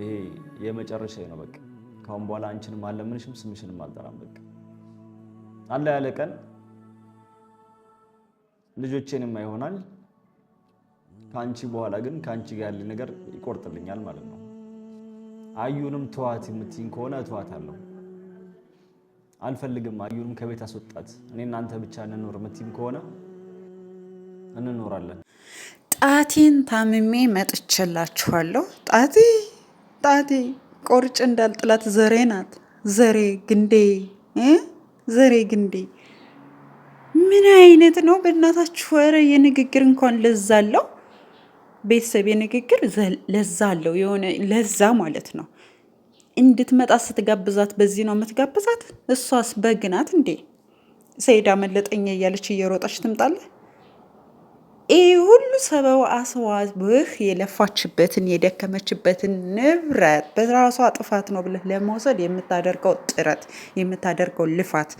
ይሄ የመጨረሻ ነው። በቃ ካሁን በኋላ አንቺንም አለምንሽም ስምሽንም አልጠራም። በቃ አለ ያለ ቀን ልጆቼንም ይሆናል። ከአንቺ በኋላ ግን ከአንቺ ጋር ያለ ነገር ይቆርጥልኛል ማለት ነው። አዩንም ተዋት የምትይኝ ከሆነ ተዋት አለው። አልፈልግም አዩንም ከቤት አስወጣት፣ እኔ እናንተ ብቻ እንኖር የምትይኝ ከሆነ እንኖራለን። ጣቴን ታምሜ መጥቼላችኋለሁ ጣቴ ጣቴ ቆርጭ እንዳልጥላት ዘሬ ናት። ዘሬ ግንዴ ዘሬ ግንዴ ምን አይነት ነው በእናታችሁ? ወረ የንግግር እንኳን ለዛ አለው ቤተሰብ የንግግር ለዛ አለው የሆነ ለዛ ማለት ነው። እንድትመጣ ስትጋብዛት በዚህ ነው የምትጋብዛት። እሷስ በግናት ናት እንዴ? ሰይዳ መለጠኛ እያለች እየሮጣች ትምጣለህ። ይህ ሁሉ ሰበው አስዋብህ የለፋችበትን የደከመችበትን ንብረት በራሷ ጥፋት ነው ብለህ ለመውሰድ የምታደርገው ጥረት የምታደርገው ልፋት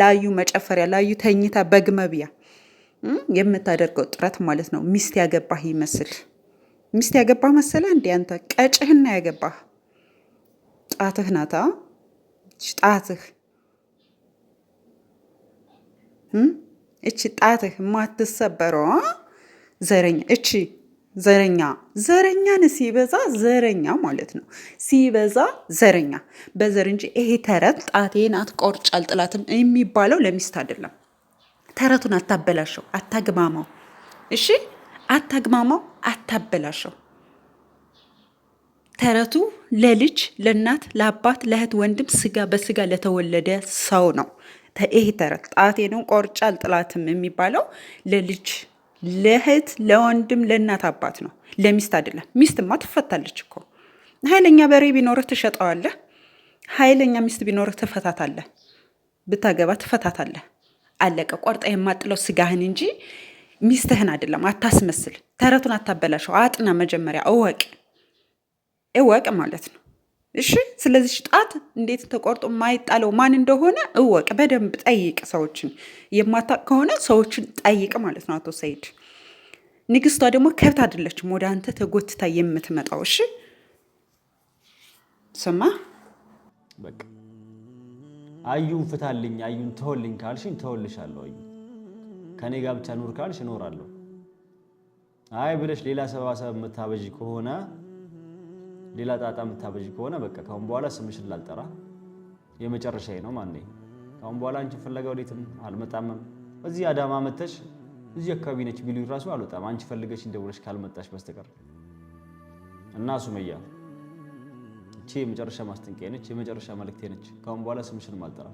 ላዩ መጨፈሪያ ላዩ ተኝታ በግ መብያ የምታደርገው ጥረት ማለት ነው። ሚስት ያገባህ ይመስል ሚስት ያገባህ መሰለ እንዲ አንተ ቀጭህና ያገባህ ጣትህ ናታ ጣትህ እቺ ጣትህ የማትሰበረው ዘረኛ እቺ ዘረኛ ዘረኛን ሲበዛ ዘረኛ ማለት ነው። ሲበዛ ዘረኛ በዘር እንጂ ይሄ ተረት ጣቴን አትቆርጭ አልጥላትም የሚባለው ለሚስት አይደለም። ተረቱን አታበላሸው፣ አታግማማው። እሺ አታግማማው፣ አታበላሸው። ተረቱ ለልጅ ለእናት፣ ለአባት፣ ለእህት፣ ወንድም ስጋ በስጋ ለተወለደ ሰው ነው። ይሄ ተረት ነው ቆርጬ አልጥላትም የሚባለው ለልጅ ለእህት፣ ለወንድም፣ ለእናት አባት ነው፣ ለሚስት አይደለም። ሚስትማ ትፈታለች እኮ። ኃይለኛ በሬ ቢኖርህ ትሸጠዋለህ። ኃይለኛ ሚስት ቢኖርህ ትፈታታለህ። ብታገባ ትፈታታለህ። አለቀ። ቆርጣ የማጥለው ስጋህን እንጂ ሚስትህን አይደለም። አታስመስል። ተረቱን አታበላሸው። አጥና መጀመሪያ እወቅ፣ እወቅ ማለት ነው። እሺ ስለዚህ ጣት እንዴት ተቆርጦ የማይጣለው ማን እንደሆነ እወቅ። በደንብ ጠይቅ። ሰዎችን የማታቅ ከሆነ ሰዎችን ጠይቅ ማለት ነው። አቶ ሰይድ ንግስቷ ደግሞ ከብት አይደለችም፣ ወደ አንተ ተጎትታ የምትመጣው። እሺ ስማ፣ አዩን ፍታልኝ፣ አዩን ተወልኝ ካልሽኝ ተወልሻለሁ። አዩ ከኔ ጋር ብቻ ኑር ካልሽ እኖራለሁ። አይ ብለሽ ሌላ ሰባሰብ የምታበዥ ከሆነ ሌላ ጣጣ የምታበዥ ከሆነ በቃ ካሁን በኋላ ስምሽን ላልጠራ የመጨረሻዬ ነው ማን ካሁን በኋላ አንቺ ፍለጋ ወዴትም አልመጣምም። እዚህ አዳማ መተሽ እዚህ አካባቢ ነች ቢሉኝ ራሱ አልወጣም አንቺ ፈልገሽ እንደውለሽ ካልመጣሽ በስተቀር እና ሱመያ እቺ የመጨረሻ ማስጠንቀቂያ ነች፣ የመጨረሻ መልእክቴ ነች። ካሁን በኋላ ስምሽን ማልጠራ፣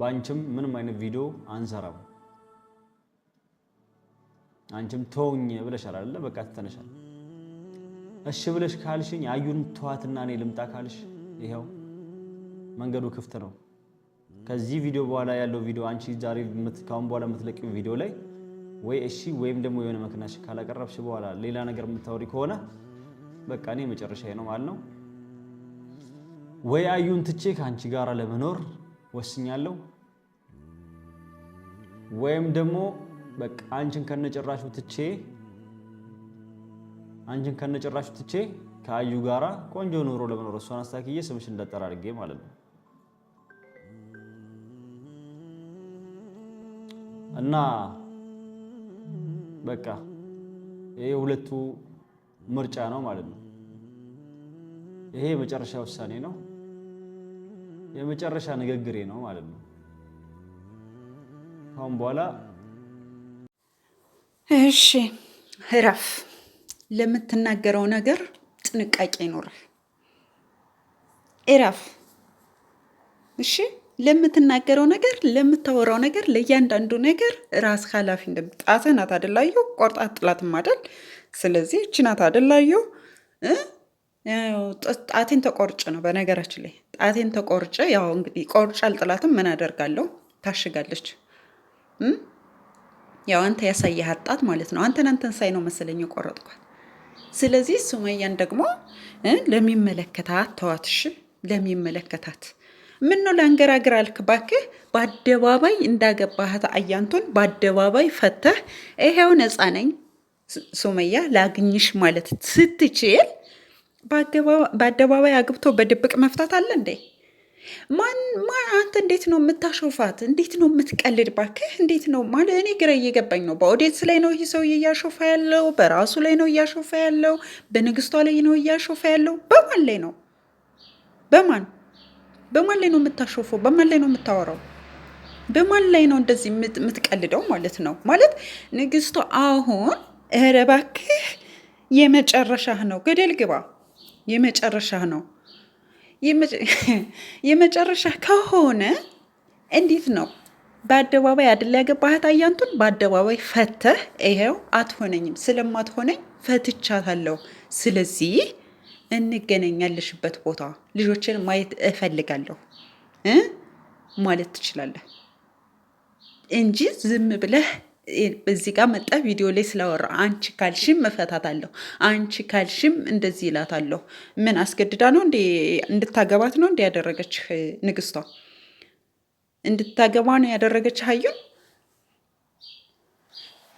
በአንቺም ምንም አይነት ቪዲዮ አንሰራም። አንቺም ተውኝ ብለሻል አይደለ? በቃ ትተነሻል። እሺ ብለሽ ካልሽኝ አዩን ተዋትና እኔ ልምጣ ካልሽ ይኸው መንገዱ ክፍት ነው። ከዚህ ቪዲዮ በኋላ ያለው ቪዲዮ አንቺ ዛሬ ካሁን በኋላ የምትለቂው ቪዲዮ ላይ ወይ እሺ ወይም ደግሞ የሆነ መክናሽ ካላቀረብሽ በኋላ ሌላ ነገር የምታወሪ ከሆነ በቃ እኔ መጨረሻ ነው ማለት ነው። ወይ አዩን ትቼ ከአንቺ ጋር ለመኖር ወስኛለሁ፣ ወይም ደግሞ በቃ አንቺን ከነጭራሹ ትቼ አንቺን ከነጭራሹ ትቼ ከአዩ ጋራ ቆንጆ ኑሮ ለመኖር እሷን አስታክዬ ስምሽ እንዳጠራ አድርጌ ማለት ነው። እና በቃ ይሄ ሁለቱ ምርጫ ነው ማለት ነው። ይሄ የመጨረሻ ውሳኔ ነው፣ የመጨረሻ ንግግሬ ነው ማለት ነው። ካሁን በኋላ እሺ እረፍ። ለምትናገረው ነገር ጥንቃቄ ይኖራል። ኤራፍ እሺ፣ ለምትናገረው ነገር፣ ለምታወራው ነገር፣ ለእያንዳንዱ ነገር ራስ ኃላፊ እንደምጣተ ናት አደላዩ ቆርጣ ጥላት ማደል። ስለዚህ እች ናት አደላዩ ጣቴን ተቆርጭ ነው። በነገራችን ላይ ጣቴን ተቆርጭ፣ ያው እንግዲህ ቆርጫል ጥላትም ምን አደርጋለሁ ታሽጋለች። ያው አንተ ያሳየህ ጣት ማለት ነው። አንተን አንተን ሳይ ነው መሰለኝ የቆረጥኳት። ስለዚህ ሱመያን ደግሞ ለሚመለከታት ተዋትሽ፣ ለሚመለከታት ምን ነው ለአንገራግር አልክ? እባክህ በአደባባይ እንዳገባህት አያንቱን በአደባባይ ፈተህ ይሄው ነፃ ነኝ ሱመያ ላግኝሽ ማለት ስትችል በአደባባይ አግብቶ በድብቅ መፍታት አለ እንዴ? ማን ማን አንተ እንዴት ነው የምታሾፋት? እንዴት ነው የምትቀልድ? ባክህ እንዴት ነው ማለት እኔ ግራ እየገባኝ ነው። በኦዴትስ ላይ ነው ይህ ሰውዬ እያሾፋ ያለው፣ በራሱ ላይ ነው እያሾፋ ያለው፣ በንግስቷ ላይ ነው እያሾፋ ያለው። በማን ላይ ነው? በማን በማን ላይ ነው የምታሾፈው? በማን ላይ ነው የምታወራው? በማን ላይ ነው እንደዚህ የምትቀልደው ማለት ነው? ማለት ንግስቷ አሁን ኧረ ባክህ የመጨረሻህ ነው፣ ገደል ግባ፣ የመጨረሻህ ነው። የመጨረሻ ከሆነ እንዴት ነው? በአደባባይ አድላ ያገባህት አያንቱን በአደባባይ ፈተህ ይኸው አትሆነኝም፣ ስለማትሆነኝ ፈትቻታለሁ። ስለዚህ እንገናኛለሽበት ቦታ ልጆችን ማየት እፈልጋለሁ ማለት ትችላለህ እንጂ ዝም ብለህ እዚህ ጋር መጣ ቪዲዮ ላይ ስላወራ አንቺ ካልሽም እፈታታለሁ፣ አንቺ ካልሽም እንደዚህ ይላታለሁ። ምን አስገድዳ ነው እንዴ? እንድታገባት ነው እንዴ ያደረገች ንግስቷ እንድታገባ ነው ያደረገች ሀዩን?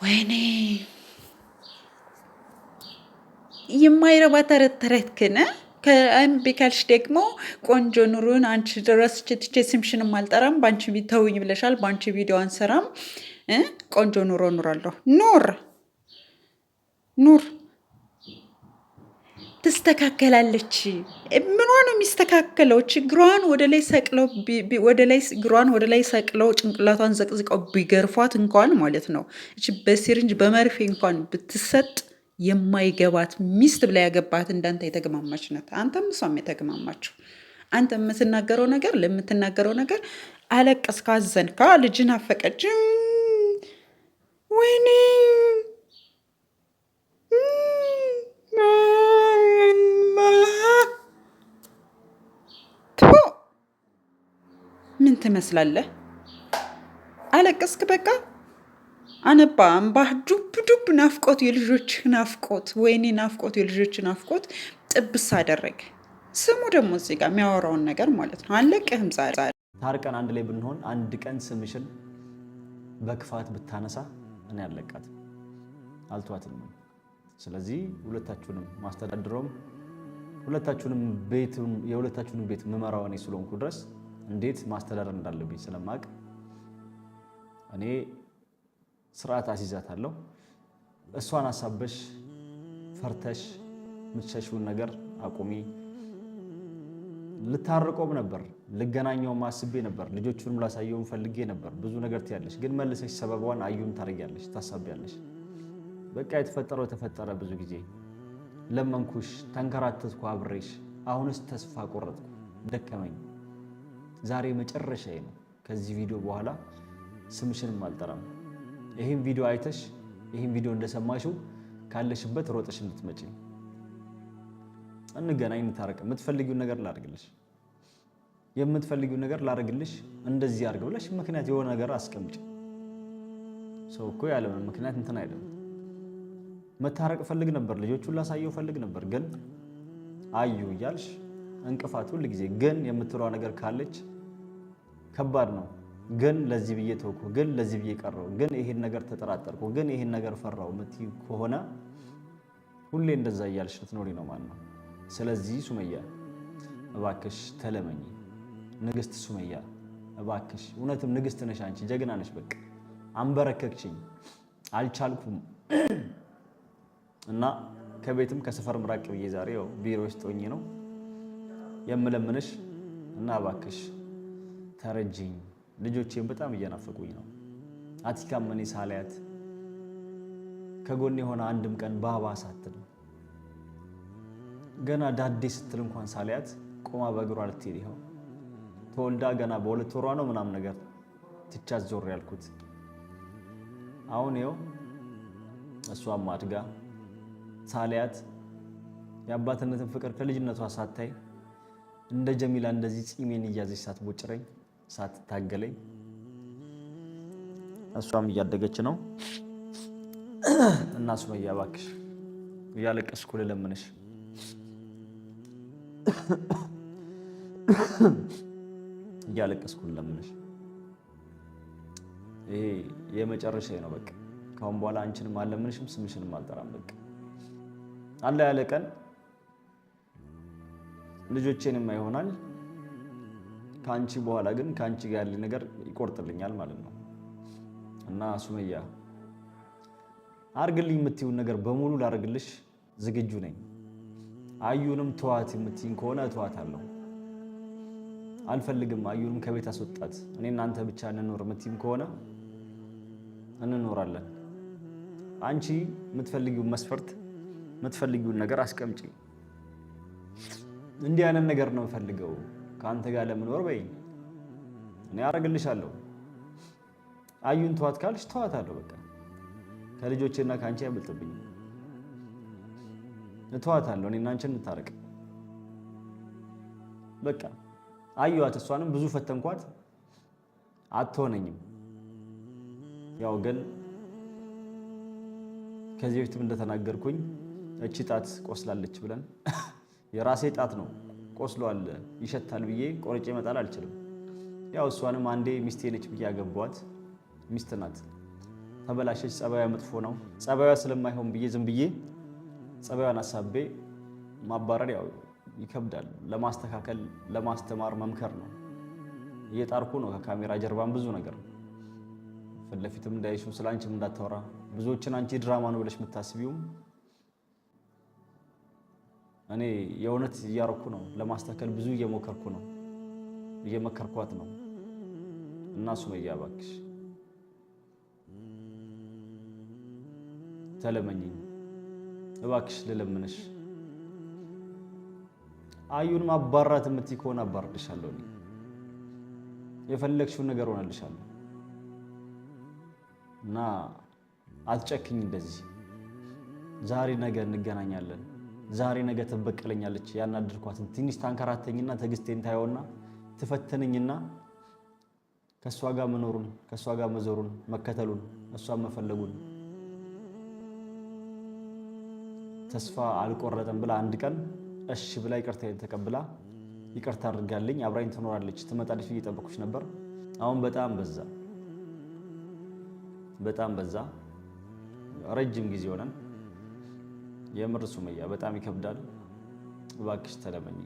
ወይኔ የማይረባ ተረት ተረት ክነ ከእምቢ ካልሽ ደግሞ ቆንጆ ኑሩን አንቺ ድረስ ችትቼ ስምሽንም አልጠራም፣ በአንቺ ተውኝ ብለሻል፣ በአንቺ ቪዲዮ አንሰራም ቆንጆ ኑሮ ኑራለሁ። ኑር ኑር። ትስተካከላለች። ምኗ ነው የሚስተካከለው? ችግሯን ወደ ላይ ሰቅለው ወደ ላይ እግሯን ወደ ላይ ሰቅለው ጭንቅላቷን ዘቅዝቀው ቢገርፏት እንኳን ማለት ነው እች በሲሪንጅ በመርፌ እንኳን ብትሰጥ የማይገባት ሚስት ብላ ያገባት እንዳንተ የተግማማች ናት። አንተም እሷም የተግማማችሁ አንተ የምትናገረው ነገር ለምትናገረው ነገር አለቀስክ፣ አዘንካ፣ ልጅን አፈቀች Mm, mm, mm, ምን ትመስላለህ? አለቀስክ በቃ አነባ አምባህ ዱብ ዱብ ናፍቆት፣ የልጆችህ ናፍቆት፣ ወይኔ ናፍቆት፣ የልጆችህ ናፍቆት ጥብስ አደረገ። ስሙ ደግሞ እዚህ ጋር የሚያወራውን ነገር ማለት ነው። አለቅህም ዛሬ ታርቀን አንድ ላይ ብንሆን አንድ ቀን ስምሽን በክፋት ብታነሳ ነው አልለቃትም፣ አልተዋትም። ስለዚህ ሁለታችሁንም ማስተዳድረውም ሁለታችሁንም ቤት የሁለታችሁንም ቤት መመራው እኔ ስለሆንኩ ድረስ እንዴት ማስተዳደር እንዳለብኝ ስለማቅ እኔ ስርዓት አስይዛታለሁ። እሷን አሳበሽ ፈርተሽ የምትሸሽውን ነገር አቁሚ። ልታርቆም ነበር፣ ልገናኘውም አስቤ ነበር፣ ልጆቹንም ላሳየውም ፈልጌ ነበር። ብዙ ነገር ትያለሽ፣ ግን መልሰሽ ሰበቧን አዩም ታደርጊያለሽ፣ ታሳቢያለሽ። በቃ የተፈጠረው የተፈጠረ ብዙ ጊዜ ለመንኩሽ፣ ተንከራተትኩ አብሬሽ። አሁንስ ተስፋ ቆረጥኩ፣ ደከመኝ። ዛሬ መጨረሻዬ ነው። ከዚህ ቪዲዮ በኋላ ስምሽንም አልጠራም። ይህም ቪዲዮ አይተሽ ይህም ቪዲዮ እንደሰማሽው ካለሽበት ሮጠሽ እንድትመጪ እንገናኝ፣ እንታረቅ፣ የምትፈልጊውን ነገር ላድርግልሽ፣ የምትፈልጊውን ነገር ላድርግልሽ፣ እንደዚህ አድርግ ብለሽ ምክንያት የሆነ ነገር አስቀምጭ። ሰው እኮ ያለ ምክንያት እንትን አይደለም። መታረቅ ፈልግ ነበር፣ ልጆቹን ላሳየው ፈልግ ነበር፣ ግን አዩ እያልሽ እንቅፋት ሁል ጊዜ ግን የምትሏ ነገር ካለች ከባድ ነው። ግን ለዚህ ብዬ ተውኩ፣ ግን ለዚህ ብዬ ቀረው፣ ግን ይሄን ነገር ተጠራጠርኩ፣ ግን ይሄን ነገር ፈራው ምት ከሆነ ሁሌ እንደዛ እያልሽ ልትኖሪ ነው ማለት ነው። ስለዚህ ሱመያ እባክሽ ተለመኝ። ንግስት ሱመያ እባክሽ፣ እውነትም ንግስት ነሽ አንቺ፣ ጀግና ነሽ። በቃ አንበረከክሽኝ፣ አልቻልኩም እና ከቤትም ከሰፈር ምራቅ ብዬ ዛሬ ያው ቢሮ ውስጥ ሆኜ ነው የምለምንሽ እና እባክሽ ተረጅኝ። ልጆቼም በጣም እየናፈቁኝ ነው። አቲካም እኔ ሳላያት ከጎን የሆነ አንድም ቀን ባባ ሳትል ገና ዳዴ ስትል እንኳን ሳልያት ቆማ በእግሯ ልትሄድ ይኸው ተወልዳ ገና በሁለት ወሯ ነው ምናምን ነገር ትቻት ዞር ያልኩት። አሁን ይኸው እሷም አድጋ ሳልያት የአባትነትን ፍቅር ከልጅነቷ ሳታይ እንደ ጀሚላ እንደዚህ ፂሜን እያዘች ሳትቦጭረኝ ሳትታገለኝ እሷም እያደገች ነው እና ሱመያ እባክሽ እያለቀስኩ ልለምንሽ እያለቀስኩን ለምንሽ ይሄ የመጨረሻ ነው። በቃ ካሁን በኋላ አንቺንም አለምንሽም ስምሽንም አልጠራም። በቃ አለ ያለ ቀን ልጆቼንማ ይሆናል። ከአንቺ በኋላ ግን ከአንቺ ጋር ያለ ነገር ይቆርጥልኛል ማለት ነው። እና ሱመያ አርግልኝ የምትይውን ነገር በሙሉ ላርግልሽ ዝግጁ ነኝ። አዩንም ተዋት የምትይኝ ከሆነ ተዋት አለሁ። አልፈልግም አዩንም ከቤት አስወጣት፣ እኔ እናንተ ብቻ እንኖር የምትይኝ ከሆነ እንኖራለን። አንቺ የምትፈልጊውን መስፈርት የምትፈልጊውን ነገር አስቀምጪ። እንዲህ አይነት ነገር ነው የምፈልገው ከአንተ ጋር ለምኖር በይኝ፣ እኔ አደርግልሻለሁ። አዩን ተዋት ካልሽ ተዋት አለሁ። በቃ ከልጆቼና ከአንቺ አይበልጥብኝም። እተዋታለሁ፣ እኔና አንቺን እንታረቅ። በቃ አየኋት፣ እሷንም ብዙ ፈተንኳት፣ አትሆነኝም። ያው ግን ከዚህ በፊትም እንደተናገርኩኝ እቺ ጣት ቆስላለች ብለን የራሴ ጣት ነው ቆስሏል፣ ይሸታል ብዬ ቆርጬ መጣል አልችልም። ያው እሷንም አንዴ ሚስቴ ነች ብዬ ያገባዋት ሚስት ናት። ተበላሸች፣ ጸባዩ መጥፎ ነው። ጸባዩ ስለማይሆን ብዬ ዝም ብዬ ጸባዩን አሳቤ ማባረር ያው ይከብዳል። ለማስተካከል ለማስተማር መምከር ነው። እየጣርኩ ነው። ከካሜራ ጀርባም ብዙ ነገር ነው። ፊት ለፊትም እንዳይሱ ስለ አንቺም እንዳታወራ ብዙዎችን አንቺ ድራማ ነው ብለሽ የምታስቢውም እኔ የእውነት እያረኩ ነው። ለማስተካከል ብዙ እየሞከርኩ ነው፣ እየመከርኳት ነው። እና ሱመያ እባክሽ ተለመኝኝ እባክሽ ልለምንሽ፣ አዩን ማባራት የምትይ ከሆነ አባርድሻለሁ። የፈለግሽውን ነገር ሆናልሻለሁ እና አትጨክኝ። እንደዚህ ዛሬ ነገ እንገናኛለን፣ ዛሬ ነገ ትበቀለኛለች። ያናድርኳትን ትንሽ ታንከራተኝና ትዕግስቴን ታየውና ትፈተነኝና ከእሷ ጋር መኖሩን ከእሷ ጋር መዞሩን መከተሉን እሷን መፈለጉን ተስፋ አልቆረጠም ብላ አንድ ቀን እሺ ብላ ይቅርታ ተቀብላ ይቅርታ አድርጋልኝ አብራኝ ትኖራለች ትመጣለች ብዬ ነበር። አሁን በጣም በዛ በጣም በዛ። ረጅም ጊዜ ሆነን የምር ሱመያ በጣም ይከብዳል። እባክሽ ተለመኝ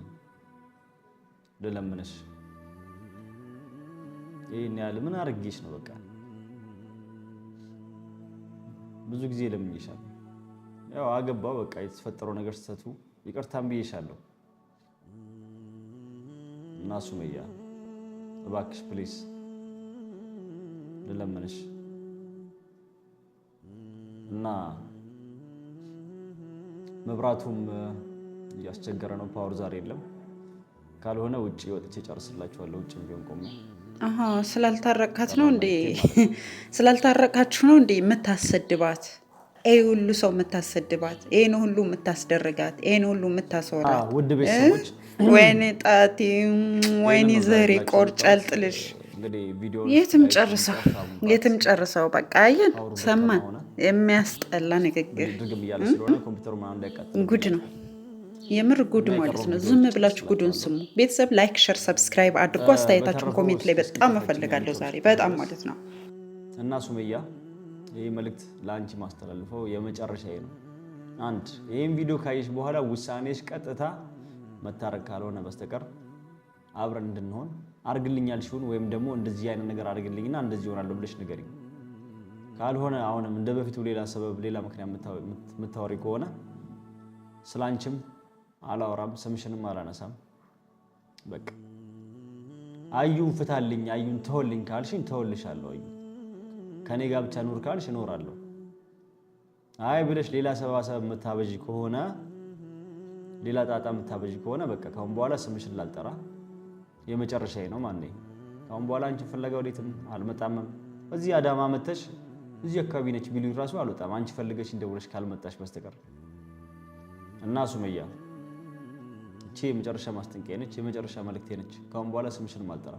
ልለምንሽ ይህን ያህል ምን አድርጌሽ ነው? በቃ ብዙ ጊዜ ለምኝሻል። ያው አገባው በቃ የተፈጠረው ነገር ስተቱ ይቅርታም ብዬሻለሁ። እና ሱመያ እባክሽ ፕሊስ ልለምንሽ እና መብራቱም እያስቸገረ ነው። ፓወር ዛሬ የለም። ካልሆነ ውጭ ወጥቼ ጨርስላችኋለሁ። ውጭ ቢሆን ቆሜ ስላልታረቃት ነው እንዴ? ስላልታረቃችሁ ነው እንዴ የምታሰድባት? ይህ ሁሉ ሰው የምታሰድባት፣ ይህን ሁሉ የምታስደርጋት፣ ይህን ሁሉ የምታስወራት፣ ወይኔ ጣቲ፣ ወይኔ ዘሬ ቆር ጨልጥልሽ የትም ጨርሰው የትም ጨርሰው። በቃ አየን ሰማን። የሚያስጠላ ንግግር ጉድ ነው የምር ጉድ ማለት ነው። ዝም ብላችሁ ጉዱን ስሙ። ቤተሰብ ላይክ፣ ሸር፣ ሰብስክራይብ አድርጎ አስተያየታችሁን ኮሜንት ላይ በጣም እፈልጋለሁ ዛሬ በጣም ማለት ነው እና ሱመያ ይህ መልእክት ለአንቺ ማስተላልፈው የመጨረሻ ነው። አንድ ይህም ቪዲዮ ካየሽ በኋላ ውሳኔሽ ቀጥታ መታረቅ ካልሆነ በስተቀር አብረን እንድንሆን አርግልኛል ያልሽውን ወይም ደግሞ እንደዚህ አይነት ነገር አርግልኝና እንደዚህ ይሆናለሁ ብለሽ ንገሪኝ። ካልሆነ አሁንም እንደ በፊቱ ሌላ ሰበብ፣ ሌላ ምክንያት የምታወሪ ከሆነ ስለ አንቺም አላወራም፣ ስምሽንም አላነሳም። በቃ አዩን ፍታልኝ፣ አዩን ተወልኝ ካልሽኝ ተወልሻለሁ አዩ ከኔ ጋር ብቻ ኑር ካልሽ እኖራለሁ። አይ ብለሽ ሌላ ሰባሰብ የምታበዥ ከሆነ ሌላ ጣጣ የምታበዥ ከሆነ በቃ ካሁን በኋላ ስምሽን ላልጠራ የመጨረሻዬ ነው። ማን ካሁን በኋላ አንቺ ፍለጋ ወዴትም አልመጣምም። እዚህ አዳማ መተሽ እዚህ አካባቢ ነች ቢሉኝ ራሱ አልወጣም። አንቺ ፈልገሽ እንደውለሽ ካልመጣሽ በስተቀር እና ሱመያ እቺ የመጨረሻ ማስጠንቀቂያ ነች፣ የመጨረሻ መልእክቴ ነች። ካሁን በኋላ ስምሽን ማልጠራ፣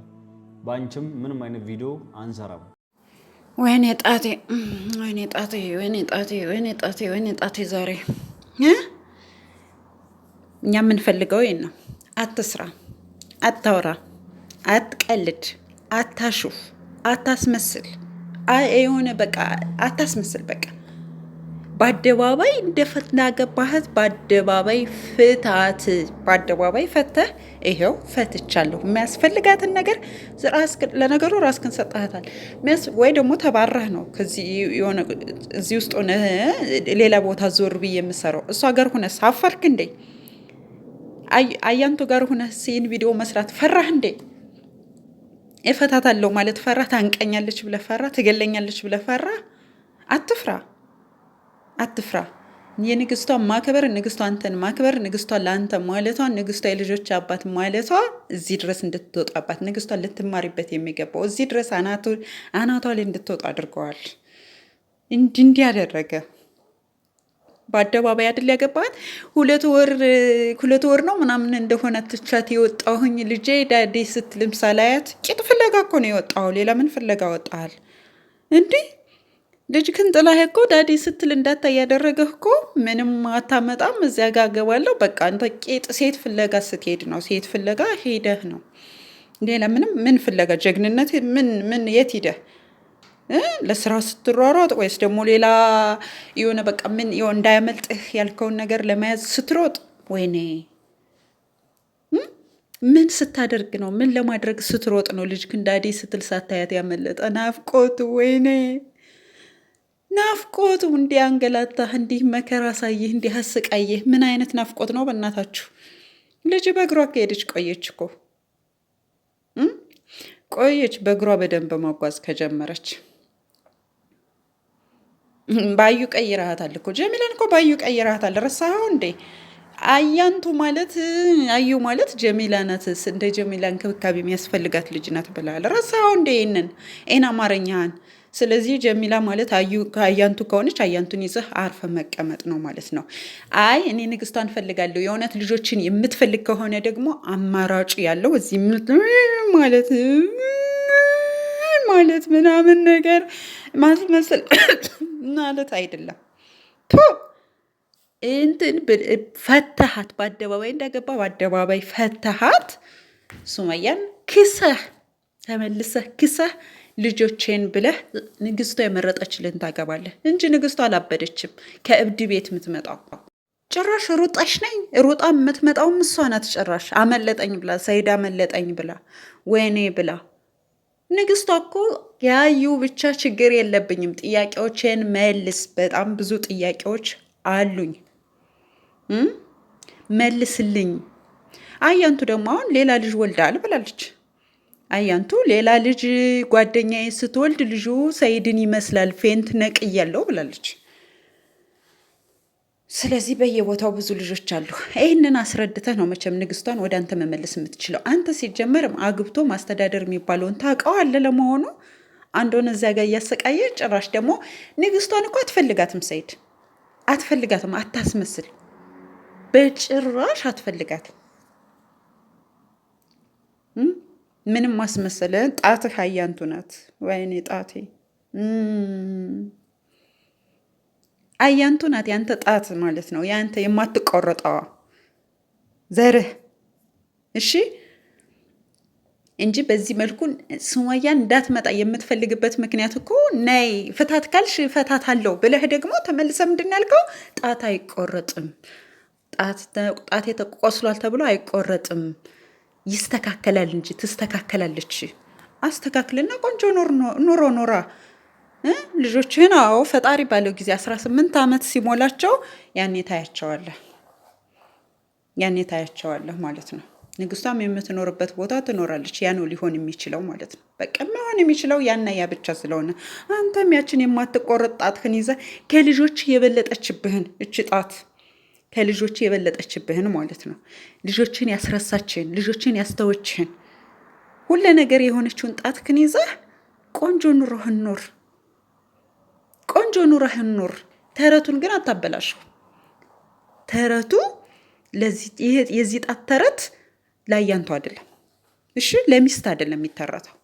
በአንቺም ምንም አይነት ቪዲዮ አንሰራም። ወይኔ ጣቴ፣ ወይኔ ጣቴ፣ ወይኔ ጣቴ፣ ወይኔ ጣቴ፣ ወይኔ ጣቴ። ዛሬ እኛ የምንፈልገው ይሄን ነው። አትስራ፣ አታውራ፣ አትቀልድ፣ አታሹፍ፣ አታስመስል። የሆነ በቃ አታስመስል በቃ በአደባባይ እንደ ፈትና ገባህት፣ በአደባባይ ፍታት፣ በአደባባይ ፈተህ ይሄው ፈትቻለሁ። የሚያስፈልጋትን ነገር ለነገሩ ራስክን ሰጠህታል፣ ወይ ደግሞ ተባረህ ነው እዚህ ውስጥ ሆነ ሌላ ቦታ ዞር ብዬ የምሰራው እሷ ጋር ሁነ ሳፈርክ እንዴ? አያንቱ ጋር ሁነ ሲን ቪዲዮ መስራት ፈራህ እንዴ? እፈታታለሁ ማለት ፈራ ታንቀኛለች ብለህ ፈራ፣ ትገለኛለች ብለህ ፈራ አትፍራ። አትፍራ። የንግስቷን ማክበር ንግስቷ አንተን ማክበር ንግስቷ ለአንተ ማለቷ ንግስቷ የልጆች አባት ማለቷ እዚህ ድረስ እንድትወጣባት ንግስቷ ልትማሪበት የሚገባው እዚህ ድረስ አናቷ ላይ እንድትወጣ አድርገዋል። እንዲህ ያደረገ በአደባባይ አድል ያገባት። ሁለት ወር ነው ምናምን እንደሆነ ትቻት የወጣሁኝ ልጄ ዳዴ ስትልም ሳላያት ቂጥ ፍለጋ እኮ ነው የወጣሁ። ሌላ ምን ፍለጋ ወጣል እንዲህ ልጅክን ጥላህ እኮ ዳዲ ስትል እንዳታ እያደረገህ እኮ ምንም አታመጣም። እዚያ ጋ ገባለሁ በቃ አንተ ቄጥ ሴት ፍለጋ ስትሄድ ነው፣ ሴት ፍለጋ ሄደህ ነው። ሌላ ምንም ምን ፍለጋ ጀግንነት ምን ምን የት ሂደህ ለስራ ስትሯሯጥ ወይስ ደግሞ ሌላ የሆነ በቃ ምን እንዳያመልጥህ ያልከውን ነገር ለመያዝ ስትሮጥ፣ ወይኔ ምን ስታደርግ ነው? ምን ለማድረግ ስትሮጥ ነው? ልጅ ክንዳዴ ስትል ሳታያት ያመለጠ ናፍቆት፣ ወይኔ ናፍቆቱ እንዲህ አንገላታህ፣ እንዲህ መከራ ሳይህ፣ እንዲህ አስቃየህ። ምን አይነት ናፍቆት ነው በእናታችሁ? ልጅ በእግሯ ከሄደች ቆየች እኮ ቆየች። በእግሯ በደንብ ማጓዝ ከጀመረች ባዩ ቀይረሃታል እኮ ጀሚላን እኮ ባዩ ቀይረሃታል። ረሳኸው እንዴ? አያንቱ ማለት አዩ ማለት ጀሚላ ናት። እንደ ጀሚላ እንክብካቤ የሚያስፈልጋት ልጅ ናት ብለሃል። ረሳኸው እንዴ? ይህንን ኤን አማርኛህን ስለዚህ ጀሚላ ማለት አያንቱ ከሆነች አያንቱን ይዘህ አርፈ መቀመጥ ነው ማለት ነው። አይ እኔ ንግስቷን እፈልጋለሁ የእውነት ልጆችን የምትፈልግ ከሆነ ደግሞ አማራጭ ያለው እዚህ ማለት ማለት ምናምን ነገር ማስመሰል ማለት አይደለም። እንትን ፈተሃት በአደባባይ እንዳገባ በአደባባይ ፈተሃት ሱመያን ክሰህ ተመልሰህ ክሰህ ልጆቼን ብለህ ንግስቷ የመረጠችልን ታገባለህ እንጂ ንግስቷ አላበደችም። ከእብድ ቤት የምትመጣው ጭራሽ ሩጣሽ ነኝ ሩጣ የምትመጣውም እሷ ናት። ጭራሽ አመለጠኝ ብላ ሰይድ አመለጠኝ ብላ ወይኔ ብላ ንግስቷ እኮ ያዩ ብቻ ችግር የለብኝም፣ ጥያቄዎችን መልስ። በጣም ብዙ ጥያቄዎች አሉኝ፣ መልስልኝ። አያንቱ ደግሞ አሁን ሌላ ልጅ ወልዳል ብላለች። አያንቱ ሌላ ልጅ ጓደኛዬ ስትወልድ ልጁ ሰይድን ይመስላል ፌንት ነቅ እያለው ብላለች። ስለዚህ በየቦታው ብዙ ልጆች አሉ። ይህንን አስረድተህ ነው መቼም ንግስቷን ወደ አንተ መመለስ የምትችለው። አንተ ሲጀመርም አግብቶ ማስተዳደር የሚባለውን ታውቀዋለህ ለመሆኑ። አንዱን እዚያ ጋር እያሰቃየ ጭራሽ ደግሞ ንግስቷን እኮ አትፈልጋትም፣ ሰይድ አትፈልጋትም። አታስመስል፣ በጭራሽ አትፈልጋትም። ምንም ማስመሰልን ጣትህ አያንቱ ናት። ወይኔ ጣቴ አያንቱ ናት። ያንተ ጣት ማለት ነው። ያንተ የማትቆረጠዋ ዘርህ እሺ እንጂ በዚህ መልኩ ሱመያ እንዳትመጣ የምትፈልግበት ምክንያት እኮ ናይ ፍታት ካልሽ ፈታት አለው ብለህ ደግሞ ተመልሰ ምንድን ያልከው ጣት አይቆረጥም፣ ጣት ቆስሏል ተብሎ አይቆረጥም። ይስተካከላል እንጂ ትስተካከላለች። አስተካክልና ቆንጆ ኑሮ ኖራ ልጆችህን። አዎ ፈጣሪ ባለው ጊዜ 18 ዓመት ሲሞላቸው ያኔ ታያቸዋለህ፣ ያኔ ታያቸዋለህ ማለት ነው። ንግስቷም የምትኖርበት ቦታ ትኖራለች። ያ ነው ሊሆን የሚችለው ማለት ነው። በቃ መሆን የሚችለው ያና ያ ብቻ ስለሆነ አንተም ያችን የማትቆረጥ ጣትህን ይዘህ ከልጆች የበለጠችብህን እች ጣት ከልጆች የበለጠችብህን ማለት ነው። ልጆችን ያስረሳችን፣ ልጆችን ያስተወችን፣ ሁለ ነገር የሆነችውን ጣትክን ይዘህ ቆንጆ ኑሮህን ኑር፣ ቆንጆ ኑሮህን ኑር። ተረቱን ግን አታበላሸው። ተረቱ የዚህ ጣት ተረት ላይ ያንቱ አይደለም። እሺ፣ ለሚስት አይደለም የሚተረተው